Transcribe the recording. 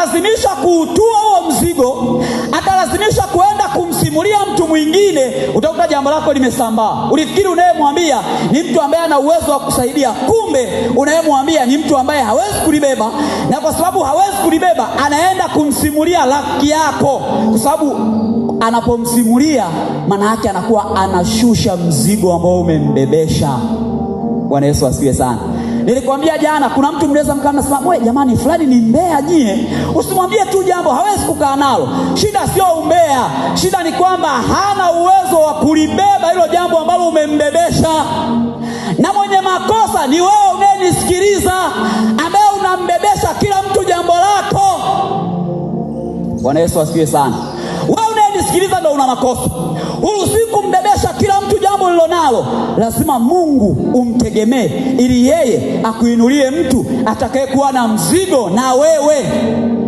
lazimishwa kuutua huo mzigo, atalazimishwa kuenda kumsimulia mtu mwingine. Utakuta jambo lako limesambaa. Ulifikiri unayemwambia ni mtu ambaye ana uwezo wa kusaidia, kumbe unayemwambia ni mtu ambaye hawezi kulibeba, na kwa sababu hawezi kulibeba, anaenda kumsimulia rafiki yako, kwa sababu anapomsimulia, maana yake anakuwa anashusha mzigo ambao umembebesha. Bwana Yesu asifiwe sana. Nilikwambia jana, kuna mtu mnaweza mkaa mnasema, we jamani, fulani ni mbea nyie. Usimwambie tu jambo hawezi kukaa nalo. Shida sio umbea, shida ni kwamba hana uwezo wa kulibeba hilo jambo ambalo umembebesha. Na mwenye makosa ni wewe unayenisikiliza, ambaye unambebesha kila mtu jambo lako. Bwana Yesu asifiwe sana. Wewe unayenisikiliza ndio una makosa ulilo nalo lazima Mungu umtegemee, ili yeye akuinulie mtu atakayekuwa na mzigo na wewe.